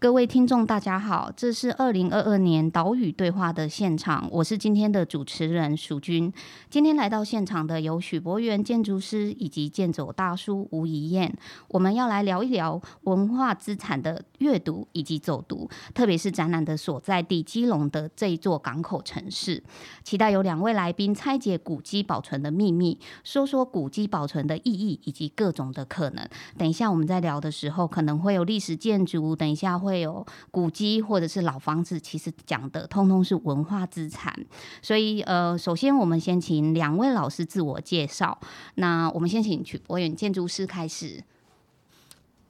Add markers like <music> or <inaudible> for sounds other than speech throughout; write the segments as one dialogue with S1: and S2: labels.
S1: 各位聽眾，大家好，這是二零二二年島嶼對話的現場，我是今天的主持人淑君。今天來到現場的有許伯元建築師以及建走大叔吳宜晏。我們要來聊一聊文化資產的閱讀以及走讀，特別是展覽的所在地基隆的這一座港口城市。期待有兩位來賓拆解古蹟保存的秘密，說說古蹟保存的意義以及各種的可能。等一下我們在聊的時候，可能會有歷史建築，等一下會。會有古蹟或者是老房子，其實講的通通是文化資產。所以呃，首先我們先請兩位老師自我介紹。那我們先請許伯元建築師開始。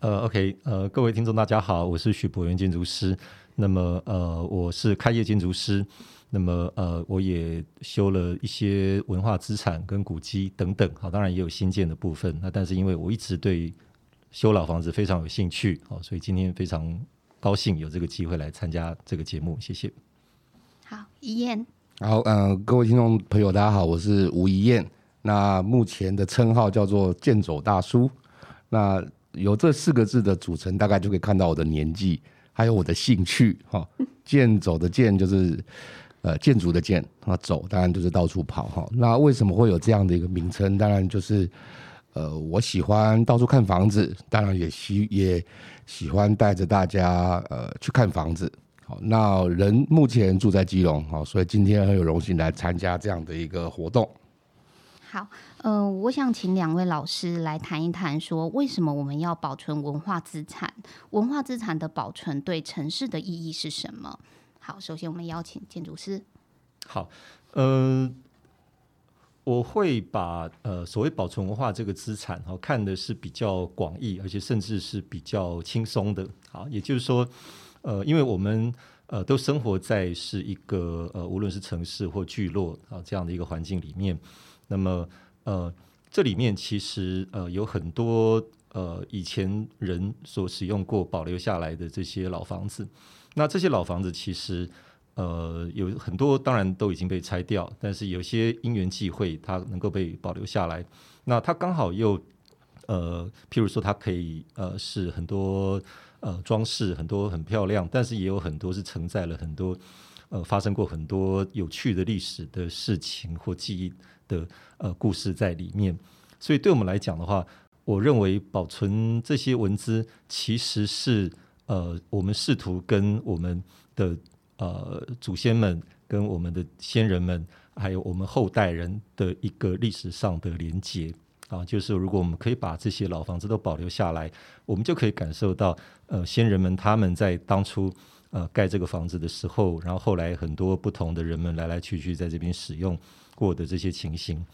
S2: 呃，OK，呃，各位聽眾，大家好，我是許伯元建築師。那麼呃，我是開業建築師。那麼呃，我也修了一些文化資產跟古蹟等等。好，當然也有新建的部分。那但是因為我一直對修老房子非常有興趣，好，所以今天非常，高興有這個機會來參加這個
S3: 節目，謝謝。
S1: 好，宜晏。
S3: 好，嗯、呃，各位聽眾朋友，大家好，我是吳宜晏。那目前的稱號叫做“建走大叔”。那由這四個字的組成，大概就可以看到我的年紀，還有我的興趣。哈、哦，建走的建就是 <laughs> 呃建築的建，那走當然就是到處跑哈、哦。那為什麼會有這樣的一個名稱？當然就是。呃，我喜歡到處看房子，當然也喜也喜歡帶着大家呃去看房子。好、哦，那人目前住在基隆，好、哦，所以今天很有榮幸來參加這樣的一個活動。
S1: 好，嗯、呃，我想請兩位老師來談一談，說為什麼我們要保存文化資產？文化資產的保存對城市的意義是什麼？好，首先我們邀請建築師。
S2: 好，嗯、呃。我會把呃所謂保存文化這個資產啊、哦、看的是比較廣義，而且甚至是比較輕鬆的啊，也就是說，呃，因為我們呃都生活在是一個呃無論是城市或聚落啊這樣的一個環境裡面，那麼呃這裡面其實呃有很多呃以前人所使用過保留下來的這些老房子，那這些老房子其實。呃，有很多當然都已經被拆掉，但是有些因緣際會，它能夠被保留下來。那它剛好又呃，譬如說它可以呃，是很多呃裝飾，很多很漂亮，但是也有很多是承載了很多呃發生過很多有趣的歷史的事情或記憶的呃故事在裡面。所以對我們來講的話，我認為保存這些文資，其實是呃，我們試圖跟我們的。呃，祖先們跟我們的先人們，還有我們後代人的一個歷史上的連接啊，就是如果我們可以把這些老房子都保留下來，我們就可以感受到呃先人們他們在當初呃蓋這個房子的時候，然後後來很多不同的人們來來去去在這邊使用過的這些情形。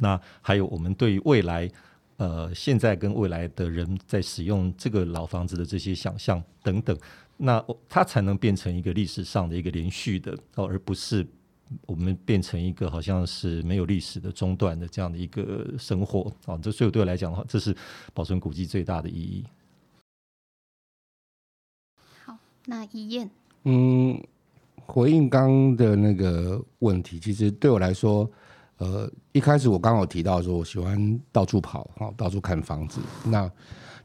S2: 那還有我們對於未來呃現在跟未來的人在使用這個老房子的這些想象等等。那它才能變成一個歷史上的一個連續的哦，而不是我們變成一個好像是沒有歷史的中斷的這樣的一個生活啊。這、哦、所以對我來講的話，這是保存古蹟最大
S3: 的意義。
S1: 好，那宜晏，
S3: 嗯，回應剛的那個問題，其實對我來說，呃，一開始我剛好提到說，我喜歡到處跑，哈，到處看房子。那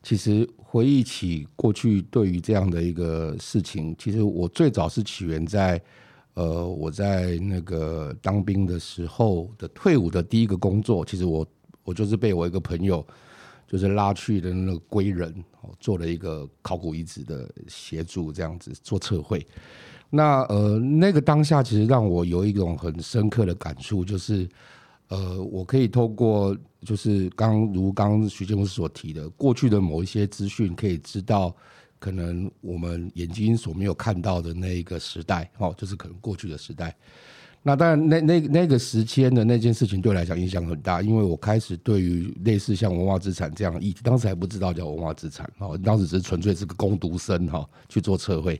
S3: 其實回憶起過去，對於這樣的一個事情，其實我最早是起源在，呃，我在那個當兵的時候的退伍的第一個工作，其實我我就是被我一個朋友就是拉去的那個歸人，做了一個考古遺址的協助，這樣子做測繪。那呃，那個當下其實讓我有一種很深刻的感觸，就是呃，我可以透過。就是剛，剛如剛，剛許建築師所提的，過去的某一些資訊可以知道，可能我們眼睛所沒有看到的那一個時代，哦，就是可能過去的時代。那當然那，那那那個時間的那件事情對我來講影響很大，因為我開始對於類似像文化資產這樣，以當時還不知道叫文化資產哦，當時只是純粹是個工讀生哈、哦、去做測繪，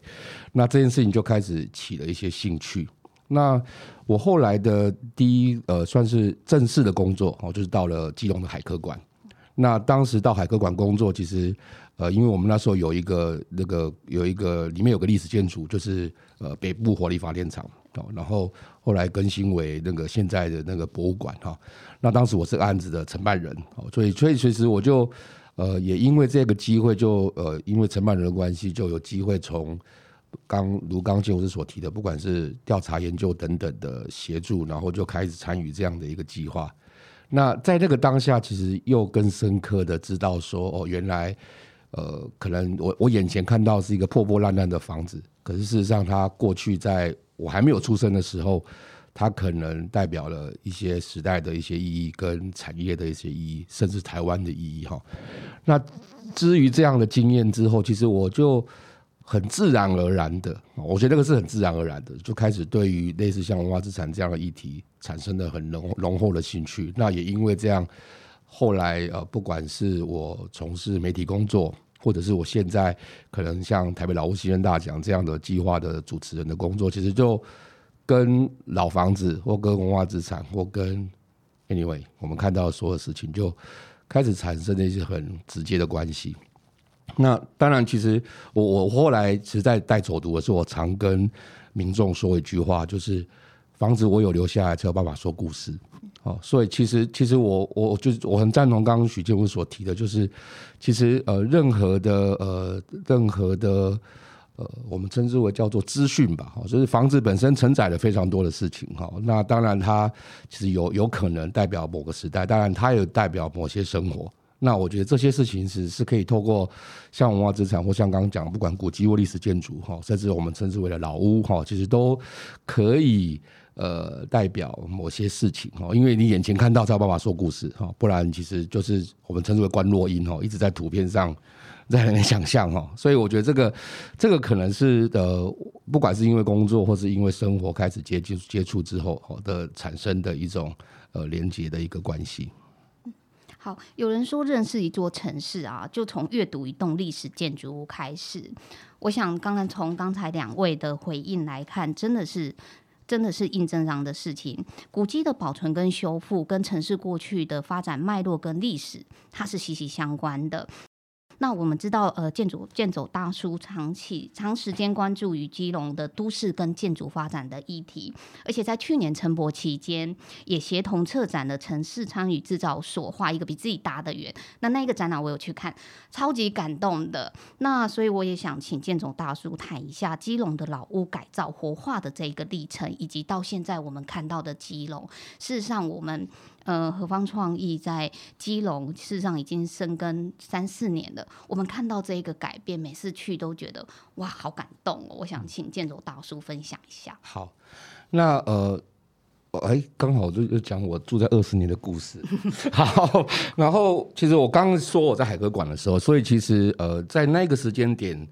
S3: 那這件事情就開始起了一些興趣。那我後來的第一呃，算是正式的工作哦，就是到了基隆的海科館。那當時到海科館工作，其實呃，因為我們那時候有一個那個有一個裡面有個歷史建築，就是呃北部火力發電廠哦，然後後來更新為那個現在的那個博物館哈、哦。那當時我是案子的承辦人哦，所以所以其實我就呃，也因為這個機會就，就呃，因為承辦人的關係，就有機會從。剛如剛就是所提的，不管是調查研究等等的協助，然後就開始參與這樣的一個計劃。那在那個當下，其實又更深刻的知道說，哦，原來，呃，可能我我眼前看到是一個破破爛爛的房子，可是事實上，它過去在我還沒有出生的時候，它可能代表了一些時代的一些意義、跟產業的一些意義，甚至台灣的意義哈。那至於這樣的經驗之後，其實我就。很自然而然的，我覺得這個是很自然而然的，就開始對於類似像文化資產這樣的議題產生了很濃濃厚的興趣。那也因為這樣，後來呃，不管是我從事媒體工作，或者是我現在可能像台北老屋新生大獎這樣的計劃的主持人的工作，其實就跟老房子或跟文化資產或跟 anyway，我們看到所有的事情就開始產生了一些很直接的關係。那當然，其實我我後來實在帶走讀的時候，我常跟民眾說一句話，就是房子我有留下來，才有辦法說故事。哦，所以其實其實我我就是我很贊同剛剛許建文所提的，就是其實呃任何的呃任何的呃我們稱之為叫做資訊吧，哦，就是房子本身承載了非常多的事情哈。那當然它其實有有可能代表某個時代，當然它也代表某些生活。那我覺得這些事情是是可以透過像文化資產或像剛剛講，不管古蹟或歷史建築哈，甚至我們稱之為的老屋哈，其實都可以呃代表某些事情哈，因為你眼前看到才有辦法說故事哈，不然其實就是我們稱之為觀落陰哦，一直在圖片上在那邊想象哈，所以我覺得這個這個可能是呃，不管是因為工作或是因為生活開始接接接觸之後的產生的一種呃連接的一個關係。
S1: 好，有人說認識一座城市啊，就從閱讀一棟歷史建築物開始。我想，剛剛從剛才兩位的回應來看，真的是，真的是印證上的事情。古蹟的保存跟修復，跟城市過去的發展脈絡跟歷史，它是息息相關的。那我們知道，呃，建走建走大叔長期長時間關注於基隆的都市跟建築發展的議題，而且在去年城博期間也協同策展了城市參與製造所，畫一個比自己大的圓。那那個展覽我有去看，超級感動的。那所以我也想請建走大叔談一下基隆的老屋改造活化的這一個歷程，以及到現在我們看到的基隆。事實上，我們。呃，合方創意在基隆事實上已經深耕三四年了。我們看到這一個改變，每次去都覺得哇，好感動哦！我想請建走大叔分享一下。好，
S3: 那呃，哎，剛好就就講我住在二十年的故事。 <laughs> 好，然後其實我剛剛說我在海科館的時候，所以其實呃，在那個時間點。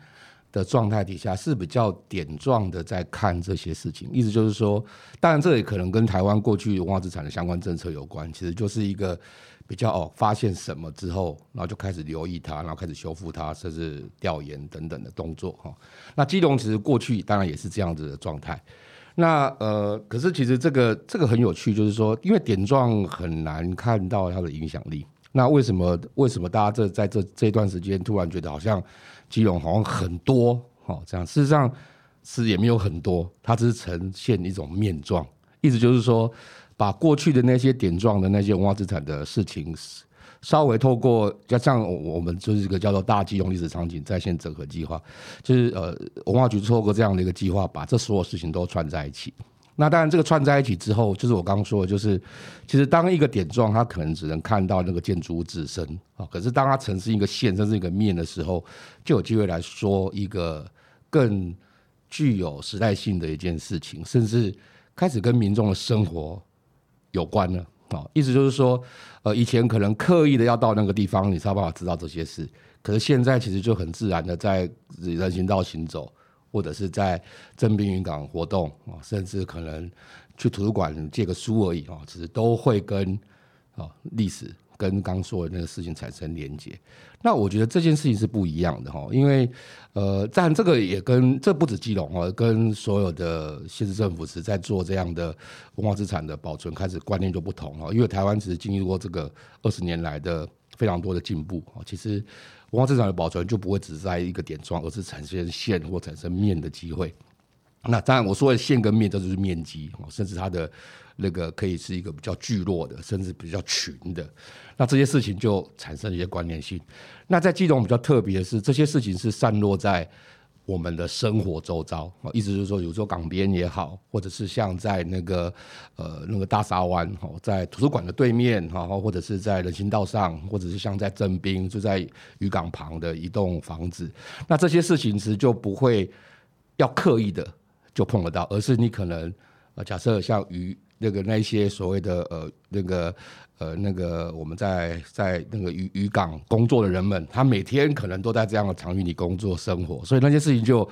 S3: 的狀態底下是比較點狀的在看這些事情，意思就是說，當然這也可能跟台灣過去文化資產的相關政策有關。其實就是一個比較哦，發現什麼之後，然後就開始留意它，然後開始修復它，甚至調研等等的動作哈。那基隆其實過去當然也是這樣子的狀態。那呃，可是其實這個這個很有趣，就是說，因為點狀很難看到它的影響力，那為什麼為什麼大家這在這這段時間突然覺得好像？基隆好像很多，好這樣，事實上是也沒有很多，它只是呈現一種面狀，意思就是說，把過去的那些點狀的那些文化資產的事情，稍微透過就像我們就是一個叫做“大基隆歷史場景再現整合計劃”，就是呃文化局透過這樣的一個計劃，把這所有事情都串在一起。那當然，這個串在一起之後，就是我剛剛說的，就是其實當一個點狀，它可能只能看到那個建築物自身啊。可是，當它呈現一個線，甚至一個面的時候，就有機會來說一個更具有時代性的一件事情，甚至開始跟民眾的生活有關了啊。意思就是說，呃，以前可能刻意的要到那個地方，你才有辦法知道這些事。可是現在，其實就很自然的在人行道行走。或者是在正濱漁港活動啊，甚至可能去圖書館借個書而已啊，其實都會跟啊歷史跟剛說的那個事情產生連結。那我覺得這件事情是不一樣的哈，因為呃，但這個也跟這不止基隆跟所有的縣市政府是在做這樣的文化資產的保存，開始觀念就不同了。因為台灣其實經歷過這個二十年來的非常多的進步啊，其實。文化資產的保存就不會只在一個點狀，而是產生線或產生面的機會。那當然，我說的線跟面，這就是面積，甚至它的那個可以是一個比較聚落的，甚至比較群的。那這些事情就產生一些關聯性。那在其中比較特別的是，這些事情是散落在。我們的生活周遭，啊，意思就是說，比如說港邊也好，或者是像在那個，呃，那個大沙灣，哈，在圖書館的對面，哈，或者是在人行道上，或者是像在正濱，就在漁港旁的一棟房子，那這些事情其實就不會要刻意的就碰得到，而是你可能，呃，假設像魚那個那一些所謂的呃那個。呃，那個我們在在那個漁漁港工作的人們，他每天可能都在這樣的場域裡工作生活，所以那些事情就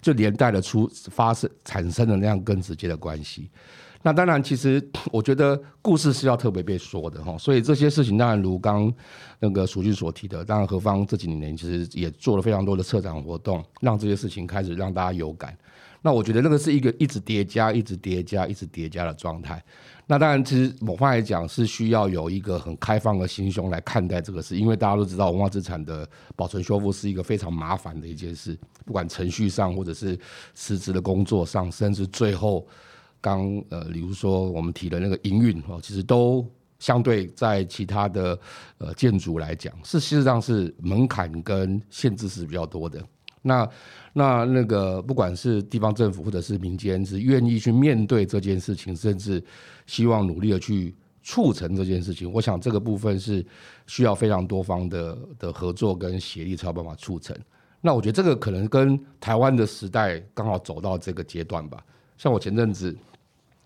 S3: 就連帶的出發生產生了那樣更直接的關係。那當然，其實我覺得故事是要特別被說的哈，所以這些事情當然如剛剛那個淑君所提的，當然合方這幾年其實也做了非常多的策展活動，讓這些事情開始讓大家有感。那我覺得那個是一個一直疊加、一直疊加、一直疊加的狀態。那當然，其實某方來講，是需要有一個很開放的心胸來看待這個事，因為大家都知道，文化資產的保存修復是一個非常麻煩的一件事，不管程序上或者是實質的工作上，甚至最後剛呃，比如說我們提的那個營運哦，其實都相對在其他的呃建築來講，是事實上是門檻跟限制是比較多的。那那那個，不管是地方政府或者是民間，是願意去面對這件事情，甚至希望努力的去促成這件事情。我想這個部分是需要非常多方的的合作跟協力才有辦法促成。那我覺得這個可能跟台灣的時代剛好走到這個階段吧。像我前陣子。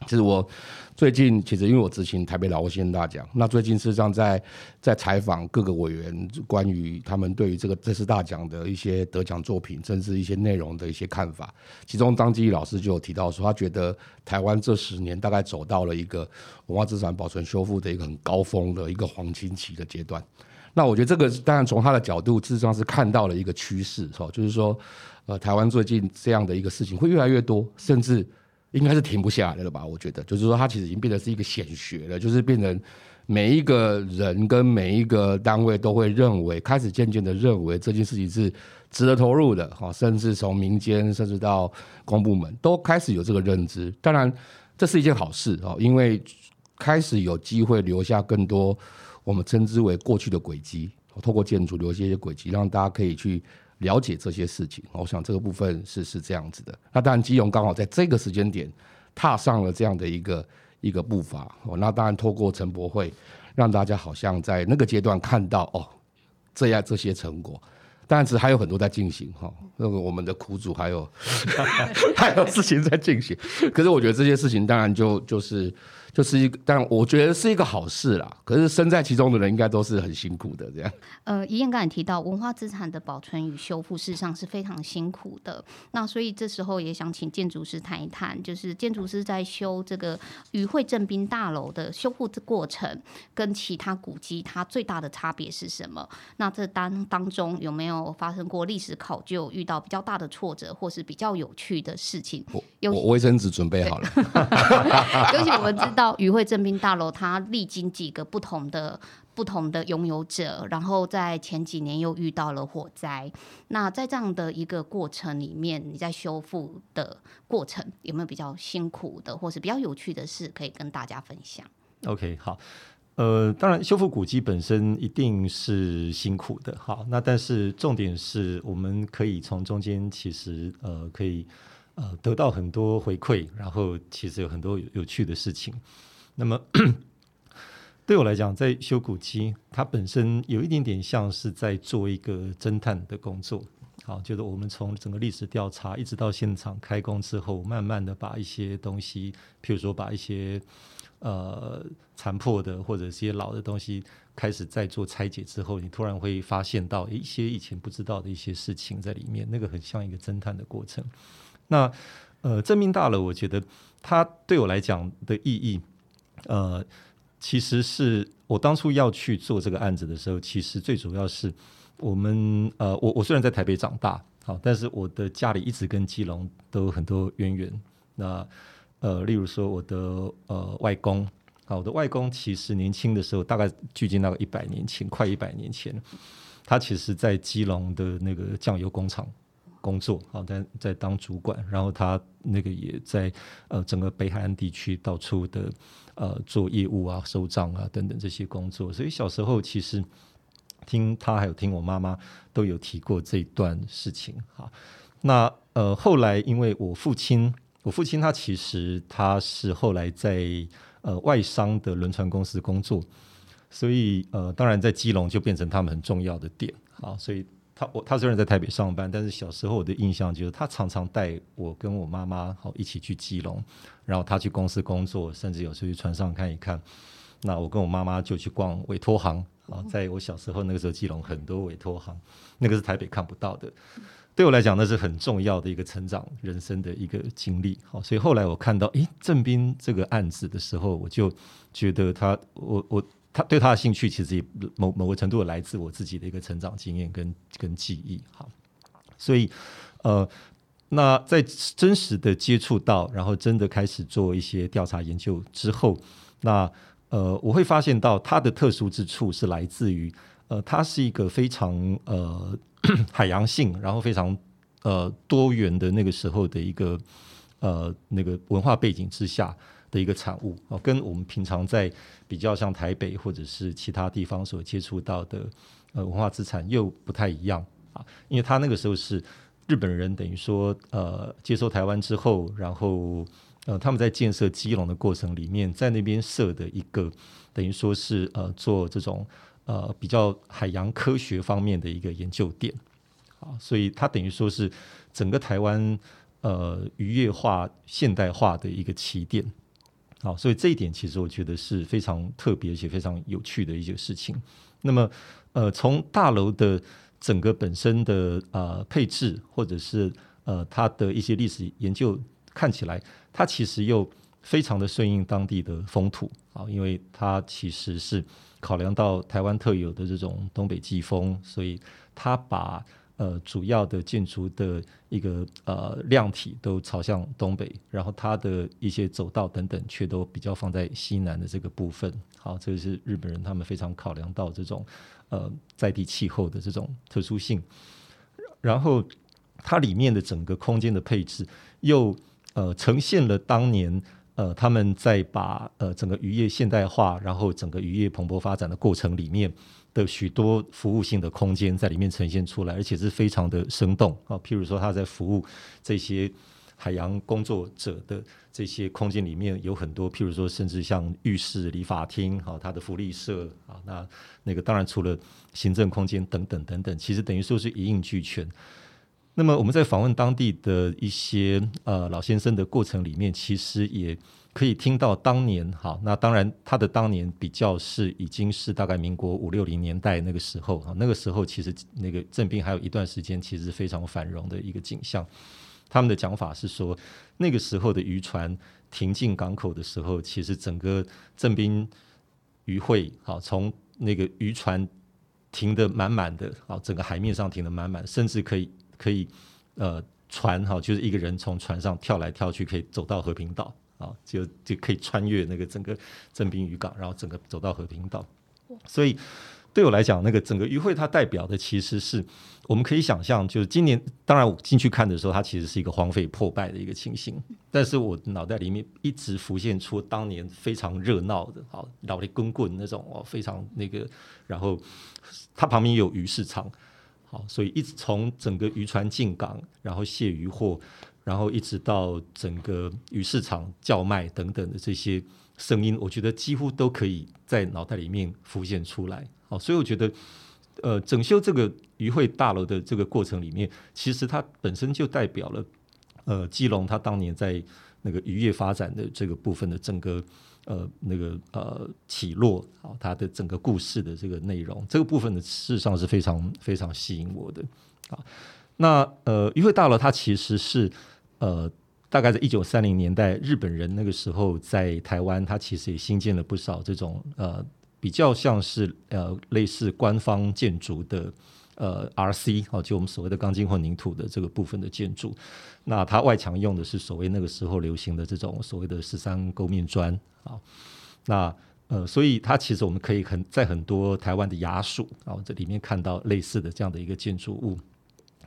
S3: 其實我最近其實因為我執行臺北老屋新生大獎，那最近事實上在在採訪各個委員，關於他們對於這個這次大獎的一些得獎作品，甚至一些內容的一些看法。其中張基義老師就有提到說，他覺得台灣這十年大概走到了一個文化資產保存修復的一個很高峰的一個黃金期的階段。那我覺得這個當然從他的角度事實上是看到了一個趨勢，哈、哦，就是說呃，台灣最近這樣的一個事情會越來越多，甚至。應該是停不下來了吧？我覺得，就是說，它其實已經變得是一個顯學了，就是變成每一個人跟每一個單位都會認為，開始漸漸的認為這件事情是值得投入的，哈，甚至從民間甚至到公部門都開始有這個認知。當然，這是一件好事啊，因為開始有機會留下更多我們稱之為過去的軌跡，透過建築留下一些軌跡，讓大家可以去。了解這些事情，我想這個部分是是這樣子的。那當然，基隆剛好在這個時間點踏上了這樣的一個一個步伐。那當然，透過城博會讓大家好像在那個階段看到哦這樣這些成果，但是還有很多在進行哈、哦。那個我們的苦主還有 <laughs> <laughs> 還有事情在進行，可是我覺得這些事情當然就就是。就是一個，但我覺得是一個好事啦。可是身在其中的人應該都是很辛苦的，這樣。
S1: 呃，宜晏剛才提到文化資產的保存與修復，事實上是非常辛苦的。那所以這時候也想請建築師談一談，就是建築師在修這個漁會正濱大樓的修復的過程，跟其他古蹟它最大的差別是什麼？那這當當中有沒有發生過歷史考究遇到比較大的挫折，或是比較有趣的事情？我衛
S3: 生紙準備好
S1: 了。有請我們知道。漁會正濱大樓，它歷經幾個不同的不同的擁有者，然後在前幾年又遇到了火災。那在這樣的一個過程裡面，你在修復的過程有沒有比較辛苦的，或是比較有趣的事可以跟大家分享
S2: ？OK，好，呃，當然修復古蹟本身一定是辛苦的。好，那但是重點是我們可以從中間其實呃可以。呃，得到很多回饋，然後其實有很多有，有趣的事情。那麼 <coughs> 對我來講，在修古蹟，它本身有一點點像是在做一個偵探的工作。好，就是我們從整個歷史調查，一直到現場開工之後，慢慢的把一些東西，譬如說把一些呃殘破的或者是一些老的東西，開始在做拆解之後，你突然會發現到一些以前不知道的一些事情在裡面，那個很像一個偵探的過程。那呃，正濱大樓，我覺得它對我來講的意義，呃，其實是我當初要去做這個案子的時候，其實最主要是我們呃，我我雖然在台北長大，好，但是我的家裡一直跟基隆都有很多淵源。那呃，例如說我的呃外公啊，我的外公其實年輕的時候，大概距今大概一百年前，快一百年前，他其實在基隆的那個醬油工廠，工作啊，在在當主管，然後他那個也在呃整個北海岸地區到處的呃做業務啊、收賬啊等等這些工作。所以小時候其實聽他還有聽我媽媽都有提過這一段事情。好，那呃後來因為我父親，我父親他其實他是後來在呃外商的輪船公司工作，所以呃當然在基隆就變成他們很重要的點。好，所以。他我他雖然在台北上班，但是小時候我的印象就是他常常帶我跟我媽媽好、哦、一起去基隆，然後他去公司工作，甚至有時候去船上看一看。那我跟我媽媽就去逛委托行，然、哦、後在我小時候那個時候，基隆很多委托行，嗯、那個是台北看不到的。對我來講，那是很重要的一個成長人生的一個經歷。好、哦，所以後來我看到誒正濱這個案子的時候，我就覺得他我我。我他對他的興趣其實也某某個程度來自我自己的一個成長經驗跟跟記憶，好，所以呃，那在真實的接觸到，然後真的開始做一些調查研究之後，那呃，我會發現到它的特殊之處是來自於呃，它是一個非常呃海洋性，然後非常呃多元的那個時候的一個呃那個文化背景之下，的一個產物，哦，跟我們平常在比較像台北或者是其他地方所接觸到的呃文化資產又不太一樣啊，因為他那個時候是日本人，等於說呃接收臺灣之後，然後呃他們在建設基隆的過程裡面，在那邊設的一個等於說是呃做這種呃比較海洋科學方面的一個研究點，啊，所以他等於說是整個臺灣呃漁業化、現代化的一個起點。好，所以這一點其實我覺得是非常特別且非常有趣的一些事情。那麼，呃，從大樓的整個本身的呃配置，或者是呃它的一些歷史研究看起來，它其實又非常的順應當地的風土啊，因為它其實是考量到台灣特有的這種東北季風，所以它把。呃，主要的建築的一個呃量體都朝向東北，然後它的一些走道等等，卻都比較放在西南的這個部分。好，這個是日本人他們非常考量到這種呃在地氣候的這種特殊性，然後它裡面的整個空間的配置，又呃，呃呈現了當年呃他們在把呃整個漁業現代化，然後整個漁業蓬勃發展的過程裡面的許多服務性的空間在裡面呈現出來，而且是非常的生動啊。譬如說，他在服務這些海洋工作者的這些空間裡面，有很多，譬如說，甚至像浴室、理髮廳，好、啊，他的福利社啊，那那個當然除了行政空間等等等等，其實等於說是一應俱全。那麼我們在訪問當地的一些呃老先生的過程裡面，其實也。可以聽到當年哈，那當然他的當年比較是已經是大概民國五六零年代那個時候哈，那個時候其實那個正濱，還有一段時間，其實非常繁榮的一個景象。他們的講法是說，那個時候的漁船停進港口的時候，其實整個正濱漁會好，從那個漁船停得滿滿的，好，整個海面上停得滿滿，甚至可以可以呃船哈，就是一個人從船上跳來跳去，可以走到和平島。啊，就就可以穿越那個整個正濱漁港，然後整個走到和平島。所以對我來講，那個整個漁會它代表的其實是我們可以想象，就是今年當然我進去看的時候，它其實是一個荒廢破敗的一個情形。但是我腦袋裡面一直浮現出當年非常熱鬧的，好老的棍棍，那種哦，非常那個，然後它旁邊有魚市場，好，所以一直從整個漁船進港，然後卸魚貨。然後一直到整個魚市場叫賣等等的這些聲音，我覺得幾乎都可以在腦袋裡面浮現出來。好，所以我覺得，呃，整修這個漁會大樓的這個過程裡面，其實它本身就代表了，呃，基隆它當年在那個漁業發展的這個部分的整個呃那個呃起落，好，它的整個故事的這個內容，這個部分呢事實上是非常非常吸引我的。好，那呃，漁會大樓它其實是。呃，大概在一九三零年代，日本人那個時候在台灣，他其實也新建了不少這種呃比較像是呃類似官方建築的呃 RC 哦，就我們所謂的鋼筋混凝土的這個部分的建築。那它外牆用的是所謂那個時候流行的這種所謂的十三勾面磚啊，哦。那呃，所以它其實我們可以很在很多台灣的衙署啊這裡面看到類似的這樣的一個建築物。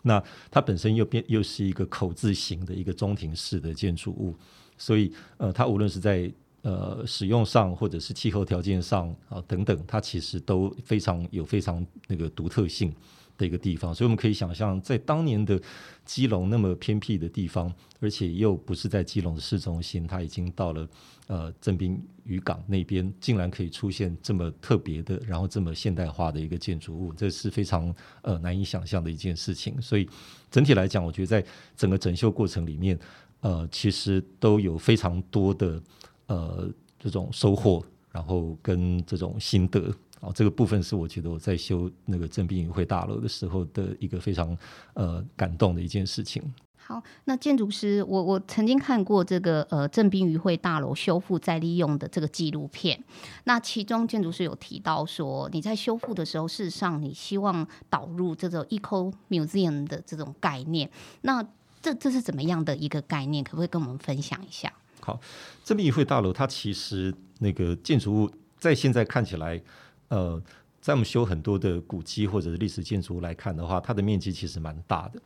S2: 那它本身又變又是一個口字形的一個中庭式的建築物，所以呃，它無論是在呃使用上或者是氣候條件上啊等等，它其實都非常有非常那個獨特性。的一個地方，所以我們可以想象，在當年的基隆那麼偏僻的地方，而且又不是在基隆的市中心，它已經到了呃正濱漁港那邊，竟然可以出現這麼特別的，然後這麼現代化的一個建築物，這是非常呃難以想象的一件事情。所以整體來講，我覺得在整個整修過程裡面，呃，其實都有非常多的呃這種收穫，然後跟這種心得。哦，這個部分是我覺得我在修那個正濱漁會大樓的時候的一個非常呃感動的一件事情。
S1: 好，那建築師，我我曾經看過這個呃正濱漁會大樓修復再利用的這個紀錄片，那其中建築師有提到說，你在修復的時候，事實上你希望導入這種 Eco Museum 的這種概念，那這這是怎麼樣的一個概念？可不可以跟我們分享一下？
S2: 好，正濱漁會大樓它其實那個建築物在現在看起來。呃，在我們修很多的古蹟或者是歷史建築來看的話，它的面積其實蠻大的。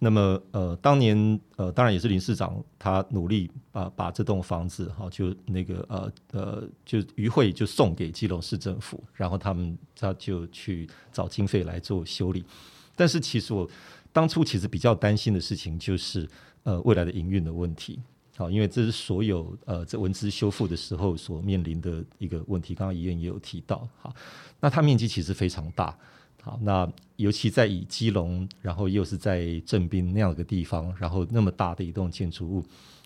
S2: 那麼，呃，當年呃，當然也是林市長他努力把把這棟房子哈、哦，就那個呃呃，就漁會就送給基隆市政府，然後他們他就去找經費來做修理。但是，其實我當初其實比較擔心的事情就是，呃，未來的營運的問題。好，因為這是所有呃，這文資修復的時候所面臨的一個問題。剛剛宜晏也有提到，哈，那它面積其實非常大，好，那尤其在以基隆，然後又是在正濱那樣的地方，然後那麼大的一棟建築物，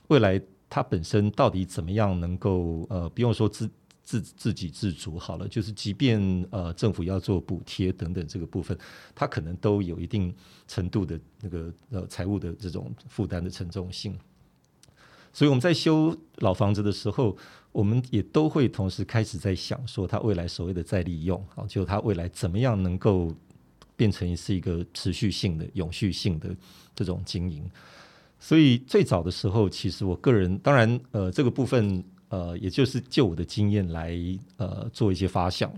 S2: 未來它本身到底怎麼樣能夠呃，不用說自自自給自足好了，就是即便呃政府要做補貼等等這個部分，它可能都有一定程度的那個呃財務的這種負擔的沉重性。所以我們在修老房子的時候，我們也都會同時開始在想說，它未來所謂的再利用，好，就它未來怎麼樣能夠變成是一個持續性的、永續性的這種經營。所以最早的時候，其實我個人，當然，呃，這個部分，呃，也就是就我的經驗來，呃，做一些發想。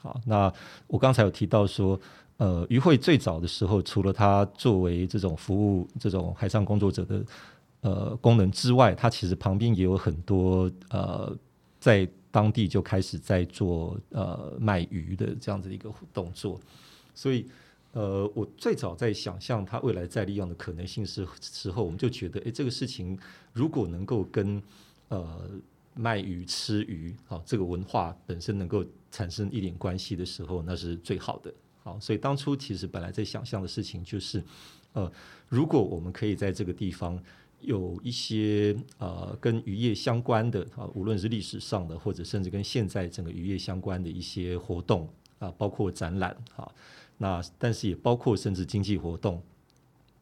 S2: 好，那我剛才有提到說，呃，漁會最早的時候，除了他作為這種服務，這種海上工作者的。呃，功能之外，它其實旁邊也有很多呃，在當地就開始在做呃賣魚的這樣子的一個動作，所以呃，我最早在想象它未來再利用的可能性的時候，我們就覺得，誒，這個事情如果能夠跟呃賣魚吃魚好，哦，這個文化本身能夠產生一點關係的時候，那是最好的。好，所以當初其實本來在想象的事情就是，呃，如果我們可以在這個地方。有一些呃跟漁業相關的啊，無論是歷史上的，或者甚至跟現在整個漁業相關的一些活動啊，包括展覽啊，那但是也包括甚至經濟活動。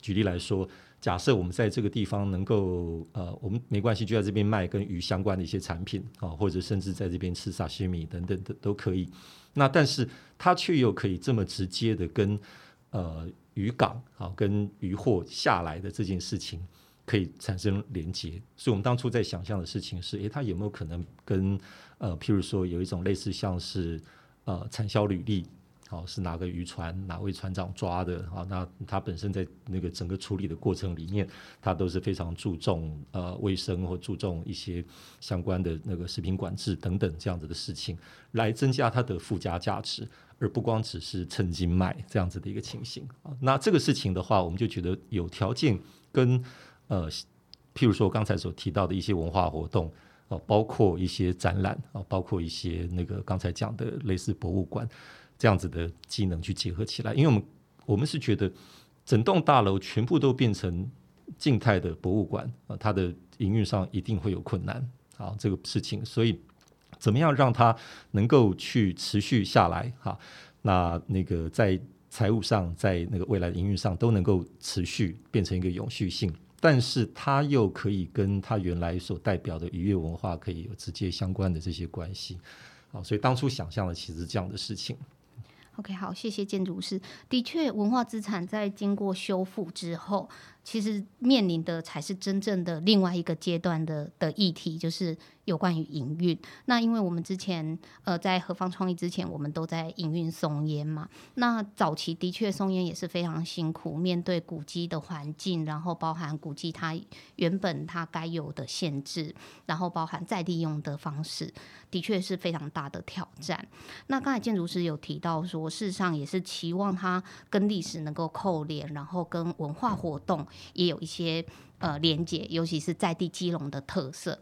S2: 舉例來說，假設我們在這個地方能夠呃，我們沒關係，就在這邊賣跟魚相關的一些產品啊，或者甚至在這邊吃沙西米等等的都可以。那但是它卻又可以這麼直接的跟呃漁港啊，跟漁獲下來的這件事情。可以產生連接，所以我們當初在想象的事情是：誒、欸，它有沒有可能跟呃，譬如說有一種類似像是呃，產銷履歷，好、哦、是哪個漁船哪位船長抓的啊、哦？那它本身在那個整個處理的過程裡面，它都是非常注重呃衛生或注重一些相關的那個食品管制等等這樣子的事情，來增加它的附加價值，而不光只是秤斤賣這樣子的一個情形啊、哦。那這個事情的話，我們就覺得有條件跟。呃，譬如說剛才所提到的一些文化活動，哦、呃，包括一些展覽啊、呃，包括一些那個剛才講的類似博物館這樣子的機能去結合起來，因為我們我們是覺得整棟大樓全部都變成靜態的博物館、呃、它的營運上一定會有困難啊，這個事情，所以怎麼樣讓它能夠去持續下來哈、啊？那那個在財務上，在那個未來的營運上都能夠持續變成一個永續性。但是他又可以跟他原來所代表的漁業文化，可以有直接相關的這些關係，好，所以當初想象的其實是這樣的事情。
S1: OK，好，謝謝建築師。的確，文化資產在經過修復之後。其實面臨的才是真正的另外一個階段的的議題，就是有關於營運。那因為我們之前呃在合方創意之前，我們都在營運松菸嘛。那早期的確松菸也是非常辛苦，面對古蹟的環境，然後包含古蹟它原本它該有的限制，然後包含再利用的方式，的確是非常大的挑戰。那剛才建築師有提到說，事實上也是期望它跟歷史能夠扣連，然後跟文化活動，也有一些呃連接，尤其是在地基隆的特色。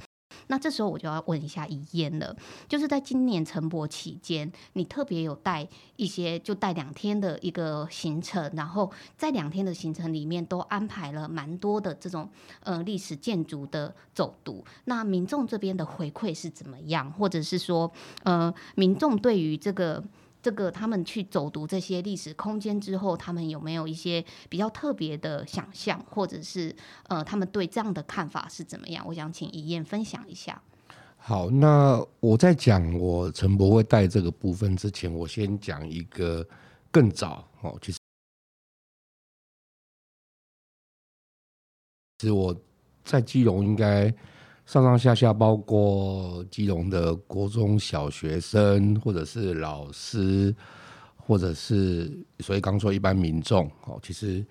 S1: 那這時候我就要問一下遺嫣宜晏了，就是在今年城博期間，你特別有帶一些就帶兩天的一個行程，然後在兩天的行程裡面都安排了蠻多的這種呃歷史建築的走讀。那民眾這邊的回饋是怎麼樣，或者是說呃民眾對於這個，這個他們去走讀這些歷史空間之後，他們有沒有一些比較特別的想象，或者是呃，他們對這樣的看法是怎麼樣？我想請宜晏分享一下。
S3: 好，那我在講我陳博會帶這個部分之前，我先講一個更早哦，其實，其實我在基隆應該。上上下下，包括基隆的國中小學生，或者是老師，或者是所以剛說一般民眾，哦，其實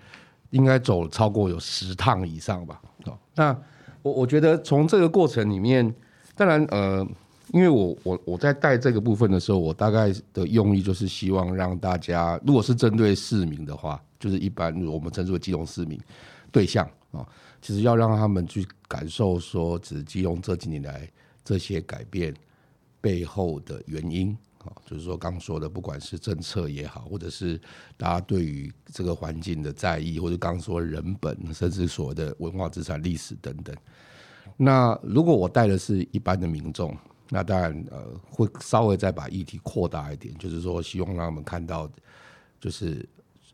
S3: 應該走超過有十趟以上吧。哦，那我我覺得從這個過程裡面，當然呃，因為我我我在帶這個部分的時候，我大概的用意就是希望讓大家，如果是針對市民的話，就是一般我們稱之為基隆市民對象啊。哦其實要讓他們去感受，說只是基隆這幾年來這些改變背後的原因啊、哦，就是說剛剛說的，不管是政策也好，或者是大家對於這個環境的在意，或者剛說人本，甚至所謂的文化資產、歷史等等。那如果我帶的是一般的民眾，那當然呃會稍微再把議題擴大一點，就是說希望讓他們看到、就是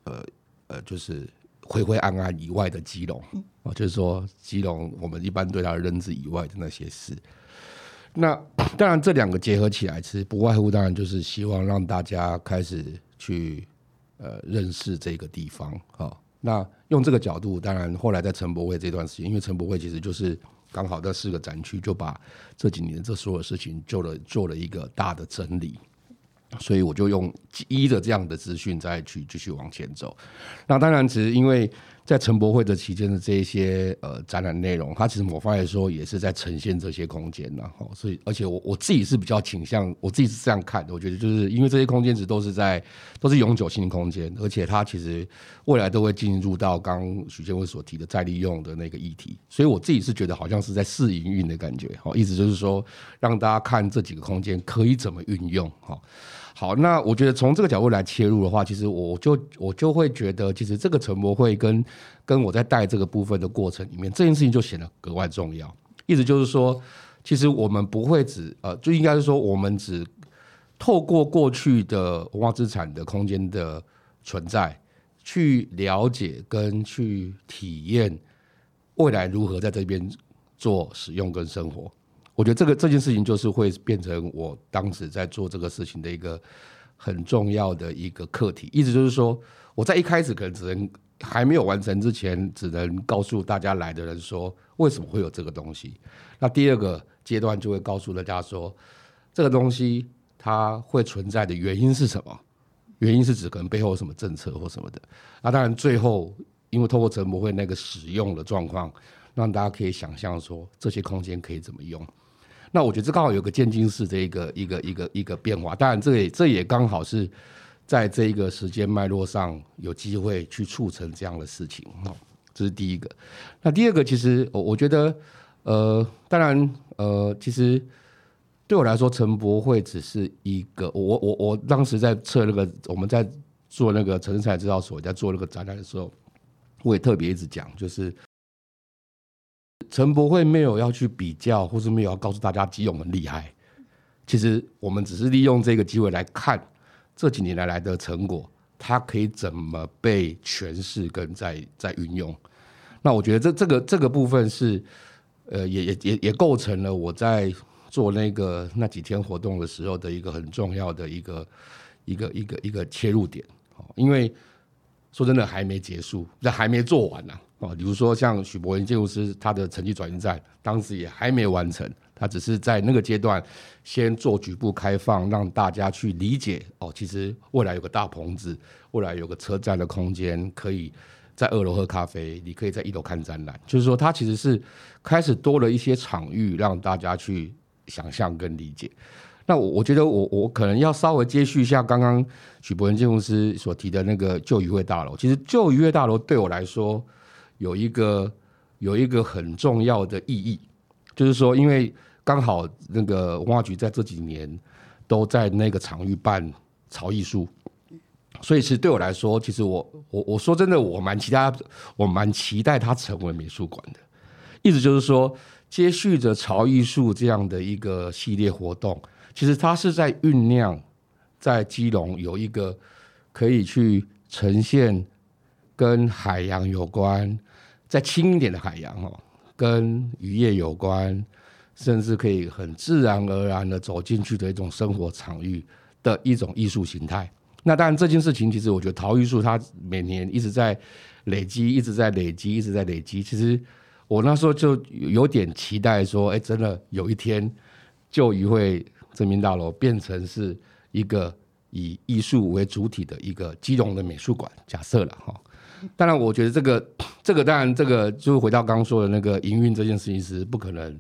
S3: 呃呃，就是呃呃就是。灰灰暗暗以外的基隆，哦、就是說基隆，我們一般對它的認知以外的那些事。那當然，這兩個結合起來其實不外乎當然就是希望讓大家開始去呃認識這個地方，哦，那用這個角度，當然後來在城博會這段時間，因為城博會其實就是剛好在四個展區就把這幾年這所有事情做了做了一個大的整理。所以我就用一的這樣的資訊再去繼續往前走。那當然，其實因為在城博會的期間的這一些呃展覽內容，它其實某方來說也是在呈現這些空間呢。好，所以而且我我自己是比較傾向，我自己是這樣看的。我覺得就是因為這些空間，值都是在都是永久性空間，而且它其實未來都會進入到剛許建輝所提的再利用的那個議題。所以我自己是覺得好像是在試營運的感覺。好，意思就是說讓大家看這幾個空間可以怎麼運用。好。好，那我覺得從這個角度來切入的話，其實我就我就會覺得，其實這個成博會跟跟我在帶這個部分的過程裡面，這件事情就顯得格外重要。意思就是說，其實我們不會只呃，就應該就是說，我們只透過過去的文化資產的空間的存在，去了解跟去體驗未來如何在這邊做使用跟生活。我覺得這個這件事情就是會變成我當時在做這個事情的一個很重要的一個課題。意思就是說，我在一開始可能只能還沒有完成之前，只能告訴大家來的人說為什麼會有這個東西。那第二個階段就會告訴大家說，這個東西它會存在的原因是什麼？原因是指可能背後有什麼政策或什麼的。那當然最後，因為透過城博會那個使用的狀況，讓大家可以想象說這些空間可以怎麼用。那我覺得這剛好有個漸進式的一個一個一個一個變化，當然這也這也剛好是在這一個時間脈絡上有機會去促成這樣的事情，哦，這是第一個。那第二個，其實我我覺得，呃，當然，呃，其實對我來說，陳博會只是一個，我我我當時在策那個我們在做那個成才彩製造所，在做那個展覽的時候，我也特別一直講，就是。城博會沒有要去比較，或是沒有要告訴大家基隆很厲害。其實我們只是利用這個機會來看這幾年來來的成果，它可以怎麼被詮釋跟再再運用。那我覺得這這個這個部分是呃，也也也也構成了我在做那個那幾天活動的時候的一個很重要的一個一個一個一個、一個切入點。因為說真的，還沒結束，這還沒做完呢、啊。哦，比如說像許伯元建築師，他的城際轉運站當時也還沒完成，他只是在那個階段先做局部開放，讓大家去理解哦，其實未來有個大棚子，未來有個車站的空間，可以在二樓喝咖啡，你可以在一樓看展覽，就是說他其實是開始多了一些場域，讓大家去想象跟理解。那我我覺得我我可能要稍微接續一下剛剛許伯元建築師所提的那個舊漁會大樓，其實舊漁會大樓對我來說，有一個有一個很重要的意義，就是說，因為剛好那個文化局在這幾年都在那個場域辦潮藝術，所以是對我來說，其實我我我說真的，我蠻期待，我蠻期待它成為美術館的。意思就是說，接續着潮藝術這樣的一個系列活動，其實它是在醞釀，在基隆有一個可以去呈現。跟海洋有關，再輕一點的海洋哦，跟漁業有關，甚至可以很自然而然的走進去的一種生活場域的一種藝術形態。那當然，這件事情其實我覺得潮藝術它每年一直在累積，一直在累積，一直在累積。累積其實我那時候就有點期待說，哎，真的有一天，舊漁會正濱大樓變成是一個以藝術為主體的一個基隆的美術館，假設了哈。當然，我覺得這個，這個當然，這個就回到剛剛說的那個營運這件事情是不可能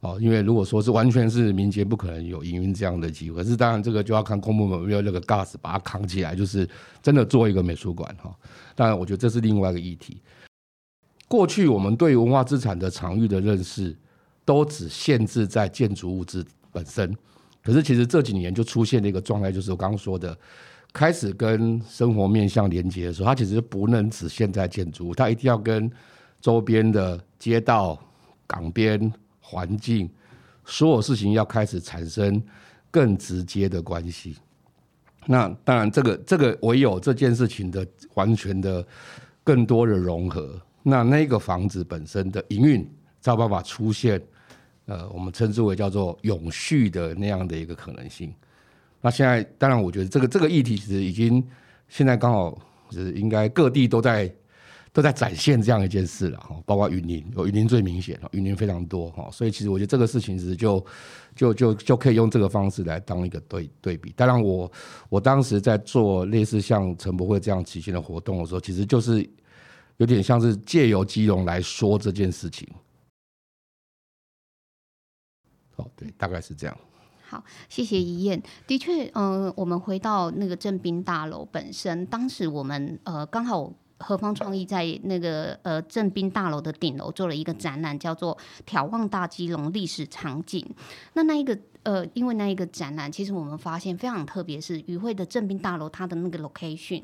S3: 哦，因為如果說是完全是民間，不可能有營運這樣的機會。可是，當然這個就要看公部門有沒有那個 gas 把它扛起來，就是真的做一個美術館哈。當然，我覺得這是另外一個議題。過去我們對於文化資產的場域的認識，都只限制在建築物質本身。可是，其實這幾年就出現的一個狀態，就是我剛剛說的。開始跟生活面向連接的時候，它其實不能只限在建築物，它一定要跟周邊的街道、港邊、環境所有事情要開始產生更直接的關係。那當然，這個這個唯有這件事情的完全的更多的融合，那那個房子本身的營運才有辦法出現，呃，我們稱之為叫做永續的那樣的一個可能性。那現在，當然，我覺得這個這個議題其實已經現在剛好是應該各地都在都在展現這樣一件事了哈，包括雲林，有雲林最明顯了，雲林非常多哈，所以其實我覺得這個事情是就就就就，就可以用這個方式來當一個對對比。當然我，我我當時在做類似像城博會這樣起薪的活動的時候，其實就是有點像是借由基隆來說這件事情。好，對，大概是這樣。
S1: 好，謝謝宜晏。的確，嗯、呃，我們回到那個正濱大樓本身，當時我們呃剛好合方創意在那個呃正濱大樓的頂樓做了一個展覽，叫做“眺望大基隆歷史場景”。那那一個呃，因為那一個展覽，其實我們發現非常特別，是漁會的正濱大樓它的那個 location。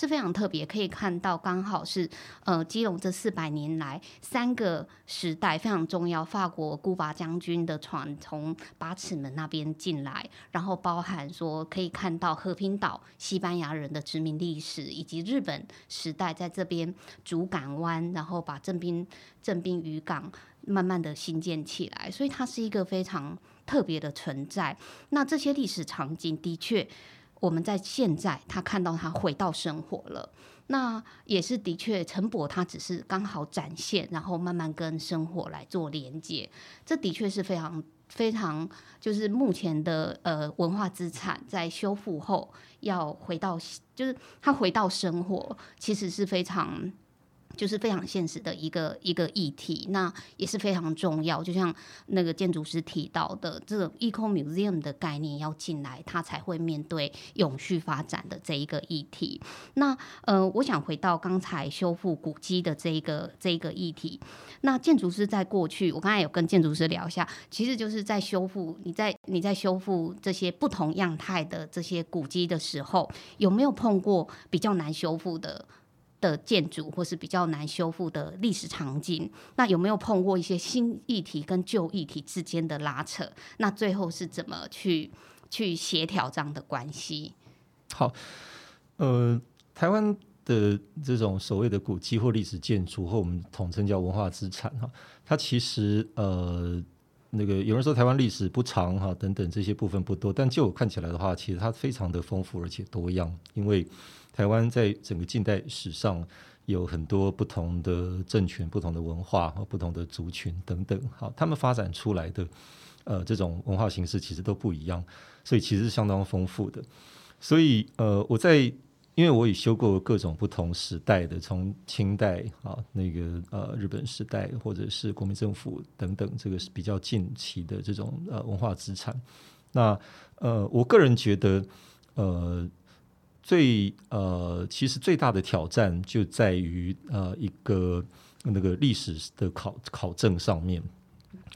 S1: 是非常特別，可以看到剛好是呃，基隆這四百年來三個時代非常重要。法國孤拔將軍的船從八尺門那邊進來，然後包含說可以看到和平島西班牙人的殖民歷史，以及日本時代在這邊築港灣，然後把正濱正濱漁港慢慢的興建起來，所以它是一個非常特別的存在。那這些歷史場景的確。我們在現在，他看到他回到生活了，那也是的確，陳博他只是剛好展現，然後慢慢跟生活來做連接，這的確是非常非常，就是目前的，呃，文化資產在修復後要回到，就是他回到生活，其實是非常。就是非常現實的一個一個議題，那也是非常重要。就像那個建築師提到的，這個 Eco Museum 的概念要進來，它才會面對永續發展的這一個議題。那呃，我想回到剛才修復古蹟的這一個這一個議題。那建築師在過去，我剛才有跟建築師聊一下，其實就是在修復，你在你在修復這些不同樣態的這些古蹟的時候，有沒有碰過比較難修復的？的建築或是比較難修復的歷史場景，那有沒有碰過一些新議題跟舊議題之間的拉扯？那最後是怎麼去去協調這樣的關係？
S2: 好，呃，台灣的這種所謂的古蹟或歷史建築，和我們統稱叫文化資產哈，它其實呃。那個有人說台灣歷史不長哈、啊，等等這些部分不多，但就我看起來的話，其實它非常的豐富而且多樣。因為台灣在整個近代史上有很多不同的政權、不同的文化和、啊、不同的族群等等、啊，哈他們發展出來的呃這種文化形式其實都不一樣，所以其實是相當豐富的。所以呃我在。因為我也修過各種不同時代的，從清代啊，那個呃日本時代，或者是國民政府等等，這個是比較近期的這種呃文化資產。那呃，我個人覺得呃，最呃，其實最大的挑戰就在於呃一個那個歷史的考考證上面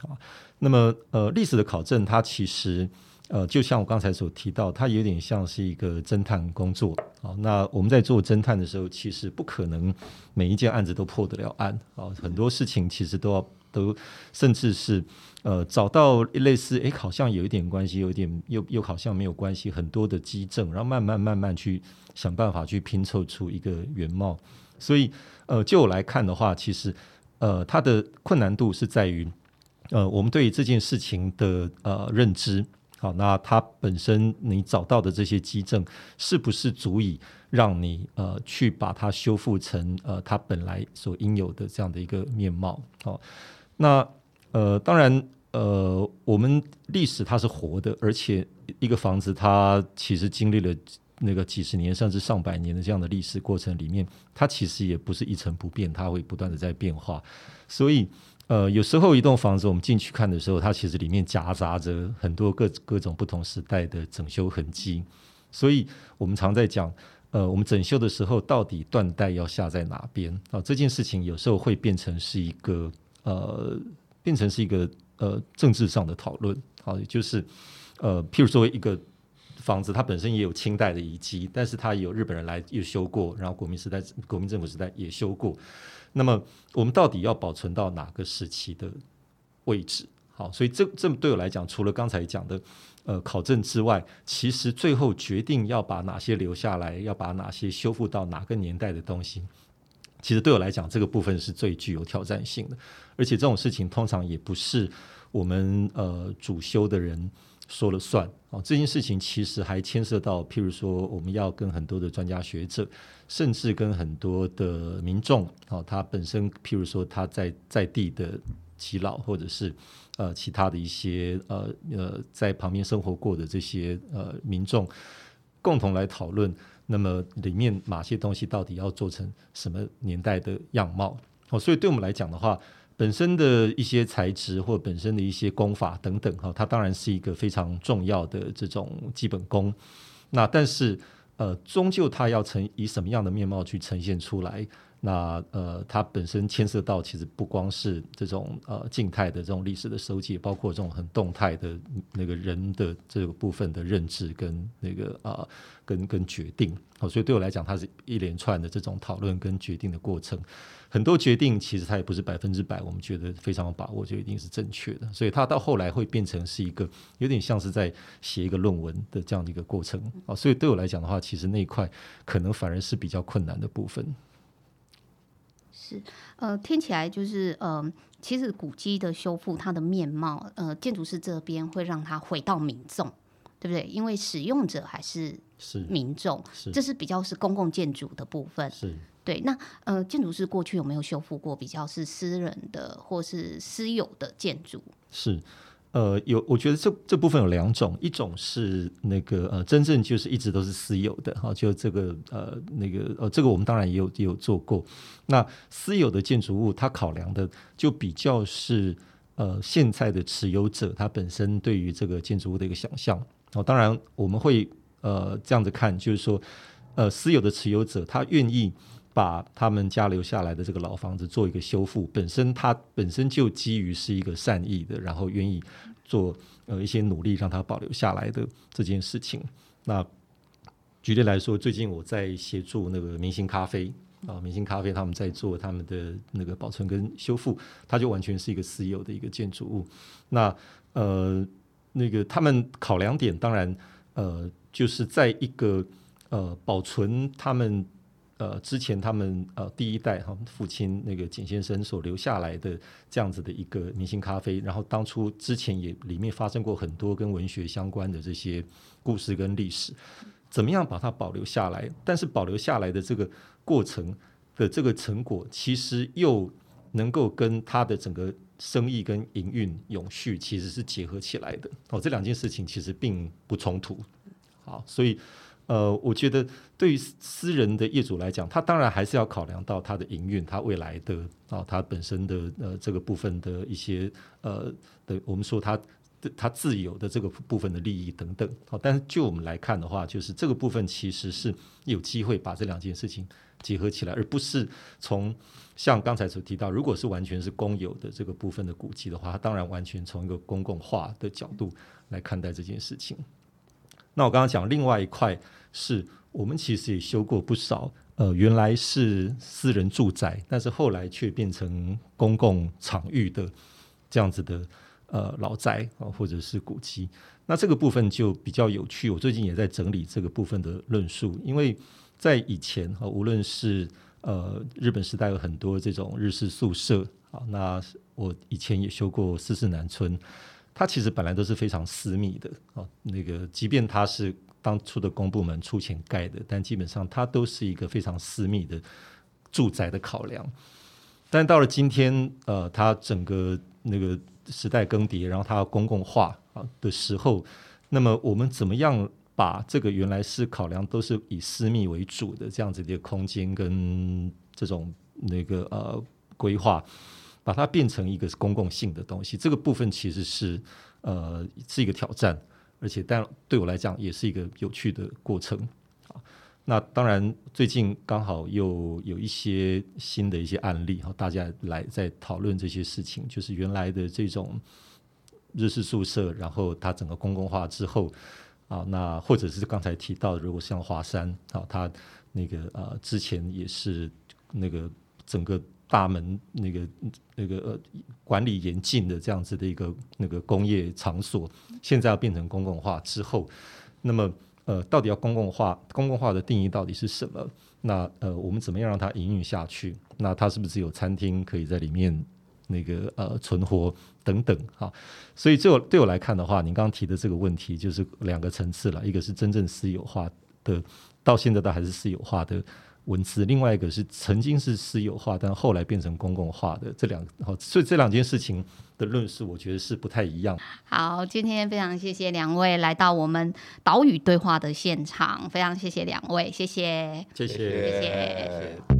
S2: 啊。那麼呃，歷史的考證，它其實。呃，就像我剛才所提到，它有點像是一個偵探工作啊、哦。那我們在做偵探的時候，其實不可能每一件案子都破得了案啊、哦。很多事情其實都要都，甚至是呃，找到一類似哎，好像有一點關係，有點又又好像沒有關係，很多的跡證，然後慢慢慢慢去想辦法去拼湊出一個原貌。所以呃，就我來看的話，其實呃，它的困難度是在於呃，我們對於這件事情的呃認知。那它本身你找到的這些跡證是不是足以讓你呃去把它修復成呃它本來所應有的這樣的一個面貌？好，哦，那呃當然呃我們歷史它是活的，而且一個房子它其實經歷了那個幾十年甚至上百年的這樣的歷史過程裡面，它其實也不是一成不變，它會不斷的在變化，所以。呃，有時候一棟房子，我們進去看的時候，它其實裡面夾雜着很多各各種不同時代的整修痕跡，所以我們常在講，呃，我們整修的時候到底斷代要下在哪邊啊？這件事情有時候會變成是一個呃，變成是一個呃政治上的討論，好，也就是呃，譬如說一個房子，它本身也有清代的遺跡，但是它有日本人來又修過，然後國民時代、國民政府時代也修過。那麼，我們到底要保存到哪個時期的位置？好，所以這這對我來講，除了剛才講的呃考證之外，其實最後決定要把哪些留下來，要把哪些修復到哪個年代的東西，其實對我來講，這個部分是最具有挑戰性的。而且這種事情通常也不是我們呃主修的人說了算哦。這件事情其實還牽涉到，譬如說，我們要跟很多的專家學者。甚至跟很多的民眾，哦，他本身，譬如說他在在地的耆老，或者是呃其他的一些呃呃在旁邊生活過的這些呃民眾，共同來討論，那麼裡面哪些東西到底要做成什麼年代的樣貌？哦，所以對我們來講的話，本身的一些材質或本身的一些工法等等，哈、哦，它當然是一個非常重要的這種基本功。那但是。呃，終究它要呈以什麼樣的面貌去呈現出來？那呃，它本身牽涉到其實不光是這種呃靜態的這種歷史的收集，包括這種很動態的那個人的這個部分的認知跟那個啊、呃，跟跟決定。哦，所以對我來講，它是一連串的這種討論跟決定的過程。很多決定其實它也不是百分之百，我們覺得非常有把握就一定是正確的，所以它到後來會變成是一個有點像是在寫一個論文的這樣的一個過程啊。嗯、所以對我來講的話，其實那一塊可能反而是比較困難的部分。
S1: 是，呃，聽起來就是，嗯、呃，其實古蹟的修復它的面貌，呃，建築師這邊會讓它回到民眾，對不對？因為使用者還是民是民眾，是這是比較是公共建築的部分。是。對，那呃，建築師過去有沒有修復過比較是私人的或是私有的建築？
S2: 是，呃，有。我覺得這這部分有兩種，一種是那個呃，真正就是一直都是私有的哈、哦，就這個呃，那個呃，這個我們當然也有也有做過。那私有的建築物，它考量的就比較是呃，現在的持有者他本身對於這個建築物的一個想象哦，當然我們會呃這樣子看，就是說呃，私有的持有者他願意。把他們家留下來的這個老房子做一個修復，本身它本身就基於是一個善意的，然後願意做呃一些努力讓它保留下來的這件事情。那舉例來說，最近我在協助那個明星咖啡啊，呃，明星咖啡他們在做他們的那個保存跟修復，它就完全是一個私有的一個建築物。那呃，那個他們考量點當然呃，就是在一個呃保存他們。呃，之前他們呃第一代哈父親那個簡先生所留下來的這樣子的一個明星咖啡，然後當初之前也裡面發生過很多跟文學相關的這些故事跟歷史，怎麼樣把它保留下來？但是保留下來的這個過程的這個成果，其實又能夠跟他的整個生意跟營運永續其實是結合起來的。哦，這兩件事情其實並不衝突。好，所以。呃，我覺得對於私人的業主來講，他當然還是要考量到他的營運、他未來的啊、哦、他本身的呃這個部分的一些呃的，我們說他的他自有的這個部分的利益等等。好、哦，但是就我們來看的話，就是這個部分其實是有機會把這兩件事情結合起來，而不是從像剛才所提到，如果是完全是公有的這個部分的古蹟的話，他當然完全從一個公共化的角度來看待這件事情。那我剛剛講另外一塊是我們其實也修過不少，呃，原來是私人住宅，但是後來卻變成公共場域的這樣子的呃老宅啊，或者是古蹟。那這個部分就比較有趣，我最近也在整理這個部分的論述，因為在以前，啊，無論是呃日本時代有很多這種日式宿舍啊，那我以前也修過四四南村。它其實本來都是非常私密的啊，那個即便它是當初的公部門出錢蓋的，但基本上它都是一個非常私密的住宅的考量。但到了今天，呃，它整個那個時代更迭，然後它要公共化啊的時候，那麼我們怎麼樣把這個原來是考量都是以私密為主的這樣子的一個空間跟這種那個呃規劃，把它變成一個公共性的東西，這個部分其實是呃，是一個挑戰，而且但對我來講也是一個有趣的過程啊。那當然最近剛好又有一些新的一些案例，然後大家來在討論這些事情，就是原來的這種日式宿舍，然後它整個公共化之後啊，那或者是剛才提到的，如果像華山啊，它那個啊、呃、之前也是那個整個。大門那個那個呃管理嚴禁的這樣子的一個那個工業場所，現在要變成公共化之後，那麼呃，到底要公共化？公共化的定義到底是什麼？那呃，我們怎麼樣讓它營運下去？那它是不是有餐廳可以在裡面那個呃存活等等啊？所以對我對我來看的話，你剛剛提的這個問題就是兩個層次了，一個是真正私有化的，到現在都還是私有化的。文字，另外一個是曾經是私有化，但後來變成公共化的，這兩，好，所以這兩件事情的論述，我覺得是不太一樣。
S1: 好，今天非常謝謝兩位來到我們島嶼對話的現場，非常謝謝兩位，謝謝，
S2: 謝謝，謝謝。謝謝。